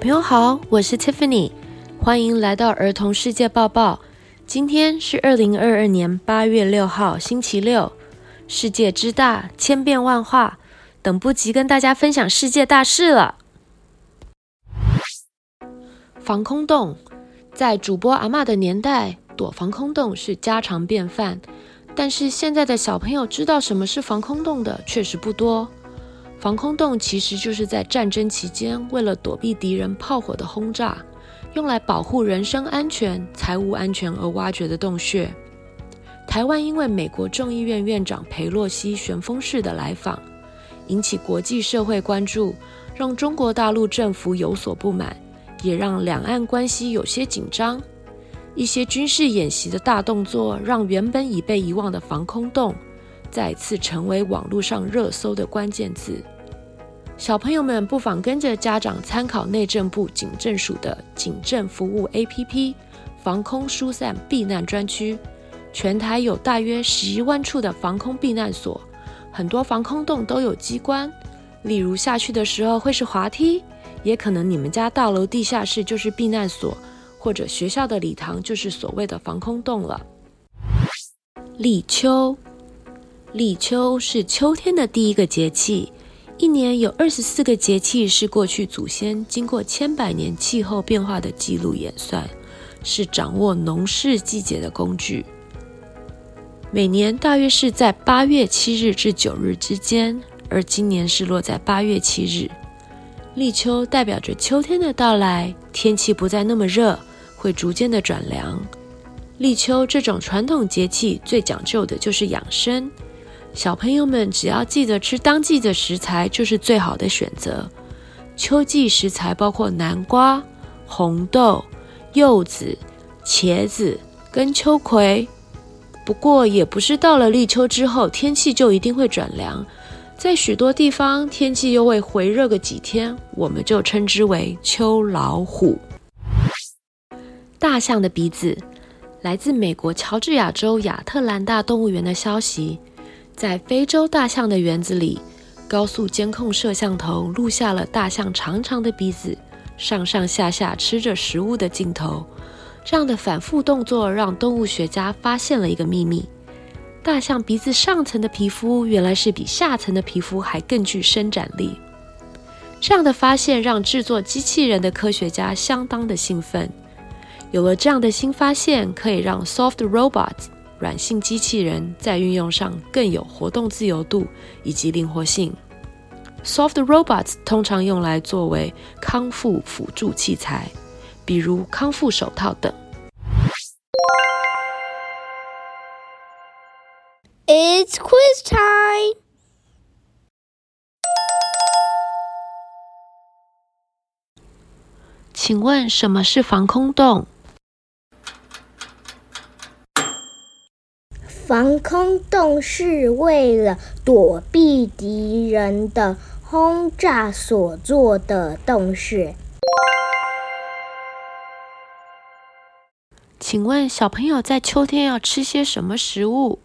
朋友好，我是 Tiffany，歡迎來到兒童世界報報。今天是二零二二年八月六號，星期六。世界之大，千變萬化，等不及跟大家分享世界大事了。防空洞，在主播阿嬤的年代，躲防空洞是家常便飯。但是現在的小朋友知道什麼是防空洞的，確實不多。防空洞其實就是在戰爭期間，為了躲避敵人炮火的轟炸，用來保護人身安全、財物安全而挖掘的洞穴。台灣因為美國眾議院院長裴洛西旋風式的來訪，引起國際社會關注，讓中國大陸政府有所不滿，也讓兩岸關係有些緊張。一些軍事演習的大動作，讓原本已被遺忘的防空洞再次成為網絡上熱搜的關鍵字。小朋友們不妨跟着家長參考內政部警政署的警政服務 APP，防空疏散避難專區。全台有大約十一萬處的防空避難所，很多防空洞都有機關，例如下去的時候會是滑梯，也可能你們家大樓地下室就是避難所，或者學校的禮堂就是所謂的防空洞了。立秋。立秋是秋天的第一個節氣，一年有二十四個節氣，是過去祖先經過千百年氣候變化的記錄演算，是掌握農事季節的工具。每年大約是在八月七日至九日之間，而今年是落在八月七日。立秋代表着秋天的到來，天氣不再那麼熱，會逐漸的轉涼。立秋這種傳統節氣最講究的就是養生。小朋友們只要記得吃當季的食材，就是最好的選擇。秋季食材包括南瓜、紅豆、柚子、茄子跟秋葵。不過，也不是到了立秋之後，天氣就一定會轉涼，在許多地方，天氣又會回熱個幾天，我們就稱之為秋老虎。大象的鼻子，來自美國喬治亞州亞特蘭大動物園的消息。在非洲大象的園子裡，高速監控攝像頭錄下了大象長長的鼻子，上上下下吃着食物的鏡頭。這樣的反覆動作讓動物學家發現了一個秘密：大象鼻子上層的皮膚原來是比下層的皮膚還更具伸展力。這樣的發現讓製作機器人的科學家相當的興奮。有了這樣的新發現，可以讓 soft robots。軟性機器人在運用上，更有活動自由度，以及靈活性。Soft robots 通常用來作為康復輔助器材，比如康復手套等。It's quiz time！請問什麼是防空洞？防空洞是為了躲避敵人的轟炸所做的洞穴。請問小朋友在秋天要吃些什麼食物？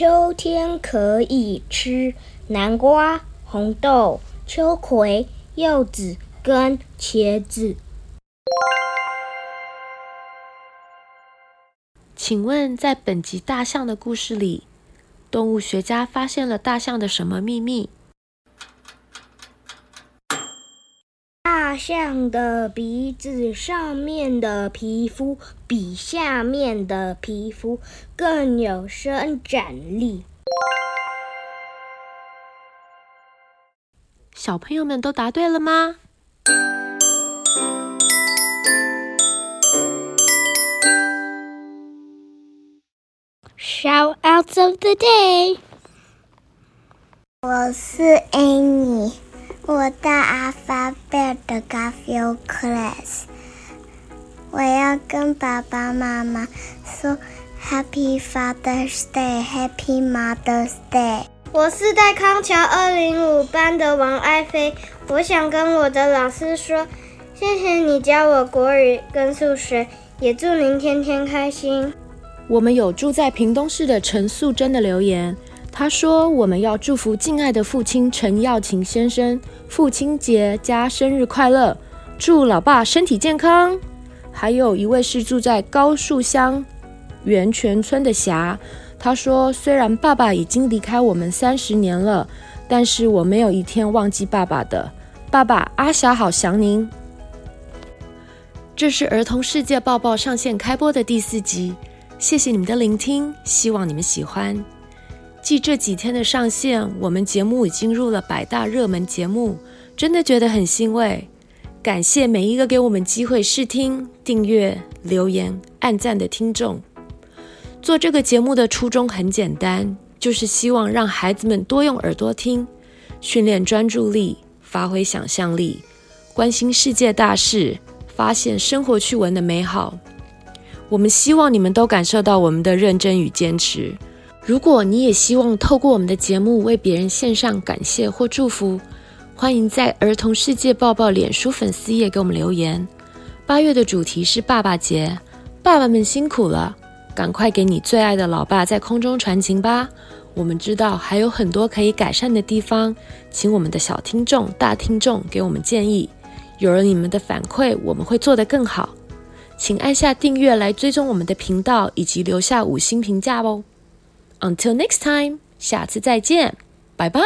秋天可以吃南瓜、紅豆、秋葵、柚子跟茄子。請問，在本集大象的故事裡，動物學家發現了大象的什麼秘密？大象的鼻子上面的皮膚比下面的皮膚更有伸展力。小朋友們都答對了嗎？so today，我是 Amy 我在阿發貝爾的 Garfield class 我要跟爸爸媽媽說 Happy Father's Day，Happy Mother's Day。我是戴康橋二零五班的王愛飛，我想跟我的老師說，謝謝你教我國語跟數學，也祝您天天開心。我們有住在屏東市的陳素貞的留言，他說：“我們要祝福敬愛的父親陳耀琴先生，父親節加生日快樂，祝老爸身體健康。”還有一位是住在高樹鄉源泉村的霞，他說：“雖然爸爸已經離開我們三十年了，但是我沒有一天忘記爸爸的爸爸阿霞，好想您。”這是《兒童世界報報》上線開播的第四集。謝謝你們的聆聽，希望你們喜歡。繼這幾天的上線，我們節目已經入了百大熱門節目，真的覺得很欣慰。感謝每一個給我們機會試聽、訂閱、留言、按讚的聽眾。做這個節目的初衷很簡單，就是希望讓孩子們多用耳朵聽，訓練專注力，發揮想象力，關心世界大事，發現生活趣聞的美好。我們希望你們都感受到我們的認真與堅持。如果你也希望透過我們的節目為別人獻上感謝或祝福，歡迎在兒童世界抱抱臉書粉絲頁給我們留言。八月的主題是爸爸節，爸爸們辛苦了，趕快給你最愛的老爸在空中傳情吧。我們知道還有很多可以改善的地方，請我們的小聽眾、大聽眾給我們建議。有了你們的反饋，我們會做得更好。請按下訂閱來追蹤我們的頻道，以及留下五星評價哦。Until next time，下次再見，拜拜。